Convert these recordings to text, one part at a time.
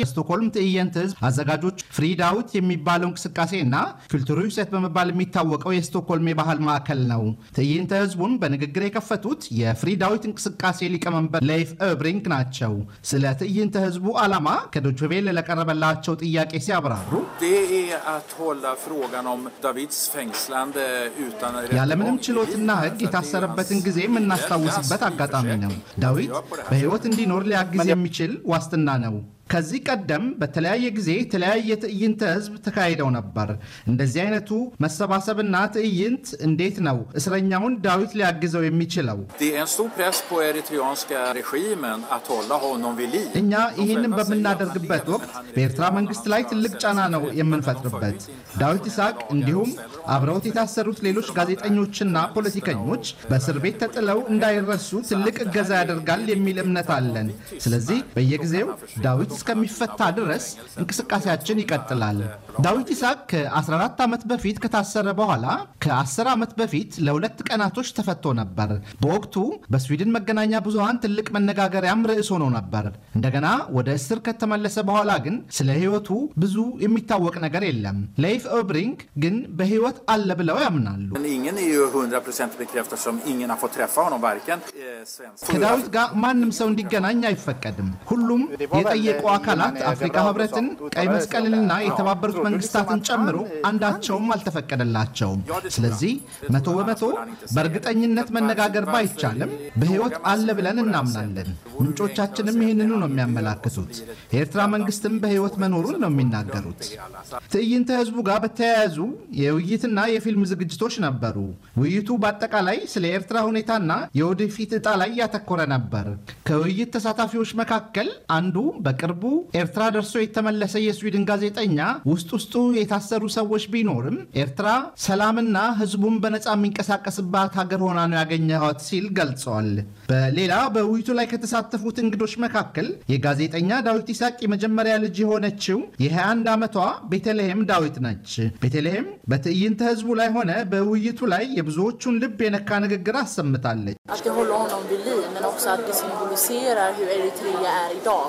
የስቶኮልም ትዕይንት ህዝብ አዘጋጆች ፍሪዳውት የሚባለው እንቅስቃሴ እና ክልቱሪ በመባል የሚታወቀው የስቶኮልም የባህል ማዕከል ነው። ትዕይንተ ህዝቡን በንግግር የከፈቱት የፍሪዳዊት እንቅስቃሴ ሊቀመንበር ሌይፍ ኦብሪንክ ናቸው። ስለ ትዕይንተ ህዝቡ ዓላማ ከዶይቼ ቬለ ለቀረበላቸው ጥያቄ ሲያብራሩ ያለምንም ችሎትና ህግ የታሰረበትን ጊዜ የምናስታውስበት አጋጣሚ ነው። ዳዊት በህይወት እንዲኖር ሊያግዝ የሚችል ዋስትና ነው። ከዚህ ቀደም በተለያየ ጊዜ የተለያየ ትዕይንተ ህዝብ ተካሂደው ነበር። እንደዚህ አይነቱ መሰባሰብና ትዕይንት እንዴት ነው እስረኛውን ዳዊት ሊያግዘው የሚችለው? እኛ ይህንን በምናደርግበት ወቅት በኤርትራ መንግስት ላይ ትልቅ ጫና ነው የምንፈጥርበት። ዳዊት ይስሐቅ እንዲሁም አብረውት የታሰሩት ሌሎች ጋዜጠኞችና ፖለቲከኞች በእስር ቤት ተጥለው እንዳይረሱ ትልቅ እገዛ ያደርጋል የሚል እምነት አለን። ስለዚህ በየጊዜው ዳዊት እስከሚፈታ ድረስ እንቅስቃሴያችን ይቀጥላል። ዳዊት ይስሐቅ ከ14 ዓመት በፊት ከታሰረ በኋላ ከ10 ዓመት በፊት ለሁለት ቀናቶች ተፈቶ ነበር። በወቅቱ በስዊድን መገናኛ ብዙሃን ትልቅ መነጋገሪያም ርዕስ ሆኖ ነበር። እንደገና ወደ እስር ከተመለሰ በኋላ ግን ስለ ሕይወቱ ብዙ የሚታወቅ ነገር የለም። ለይፍ ኦብሪንግ ግን በሕይወት አለ ብለው ያምናሉ። ከዳዊት ጋር ማንም ሰው እንዲገናኝ አይፈቀድም። ሁሉም የጠየቁ አካላት አፍሪካ ህብረትን፣ ቀይ መስቀልንና የተባበሩት መንግስታትን ጨምሮ አንዳቸውም አልተፈቀደላቸውም። ስለዚህ መቶ በመቶ በእርግጠኝነት መነጋገር ባይቻልም በህይወት አለ ብለን እናምናለን። ምንጮቻችንም ይህንኑ ነው የሚያመላክቱት። የኤርትራ መንግስትም በህይወት መኖሩን ነው የሚናገሩት። ትዕይንተ ህዝቡ ጋር በተያያዙ የውይይትና የፊልም ዝግጅቶች ነበሩ። ውይይቱ በአጠቃላይ ስለ ኤርትራ ሁኔታና የወደፊት ዕጣ ላይ ያተኮረ ነበር። ከውይይት ተሳታፊዎች መካከል አንዱ በቅርቡ ኤርትራ ደርሶ የተመለሰ የስዊድን ጋዜጠኛ ውስጥ ውስጡ የታሰሩ ሰዎች ቢኖርም ኤርትራ ሰላምና ህዝቡን በነፃ የሚንቀሳቀስባት ሀገር ሆና ነው ያገኘኋት ሲል ገልጸዋል። በሌላ በውይይቱ ላይ ከተሳተፉት እንግዶች መካከል የጋዜጠኛ ዳዊት ይስሐቅ የመጀመሪያ ልጅ የሆነችው የ21 ዓመቷ ቤተልሔም ዳዊት ነች። ቤተልሔም በትዕይንተ ህዝቡ ላይ ሆነ በውይይቱ ላይ የብዙዎቹን ልብ የነካ ንግግር አሰምታለች። men också att det symboliserar hur Eritrea är idag.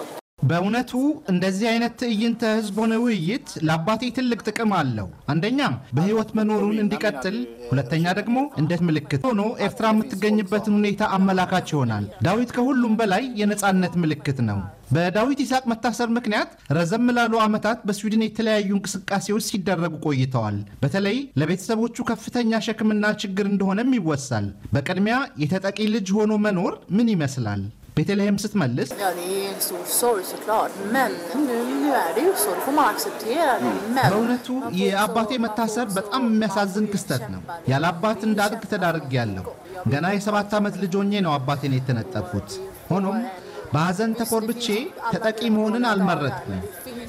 በእውነቱ እንደዚህ አይነት ትዕይንተ ህዝብ ሆነ ውይይት ለአባቴ ትልቅ ጥቅም አለው። አንደኛ በህይወት መኖሩን እንዲቀጥል፣ ሁለተኛ ደግሞ እንዴት ምልክት ሆኖ ኤርትራ የምትገኝበትን ሁኔታ አመላካች ይሆናል። ዳዊት ከሁሉም በላይ የነፃነት ምልክት ነው። በዳዊት ይስሐቅ መታሰር ምክንያት ረዘም ላሉ ዓመታት በስዊድን የተለያዩ እንቅስቃሴዎች ሲደረጉ ቆይተዋል። በተለይ ለቤተሰቦቹ ከፍተኛ ሸክምና ችግር እንደሆነም ይወሳል። በቅድሚያ የተጠቂ ልጅ ሆኖ መኖር ምን ይመስላል? ቤተልሔም ስትመልስ mm. በእውነቱ የአባቴ መታሰር በጣም የሚያሳዝን ክስተት ነው። ያለ አባት እንዳድግ ተዳርጌ ያለሁ ገና የሰባት ዓመት ልጅ ሆኜ ነው አባቴን የተነጠልኩት። ሆኖም በሐዘን ተኮርብቼ ተጠቂ መሆንን አልመረጥኩም።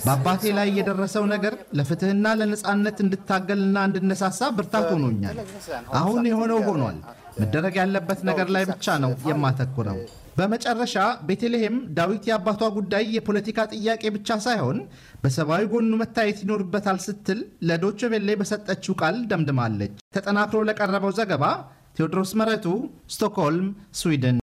በአባቴ ላይ የደረሰው ነገር ለፍትህና ለነፃነት እንድታገልና እንድነሳሳ ብርታት ሆኖኛል። አሁን የሆነው ሆኗል። መደረግ ያለበት ነገር ላይ ብቻ ነው የማተኩረው። በመጨረሻ ቤተልሔም ዳዊት የአባቷ ጉዳይ የፖለቲካ ጥያቄ ብቻ ሳይሆን በሰብአዊ ጎኑ መታየት ይኖርበታል ስትል ለዶቼ ቬሌ በሰጠችው ቃል ደምድማለች። ተጠናክሮ ለቀረበው ዘገባ ቴዎድሮስ መረቱ፣ ስቶክሆልም፣ ስዊድን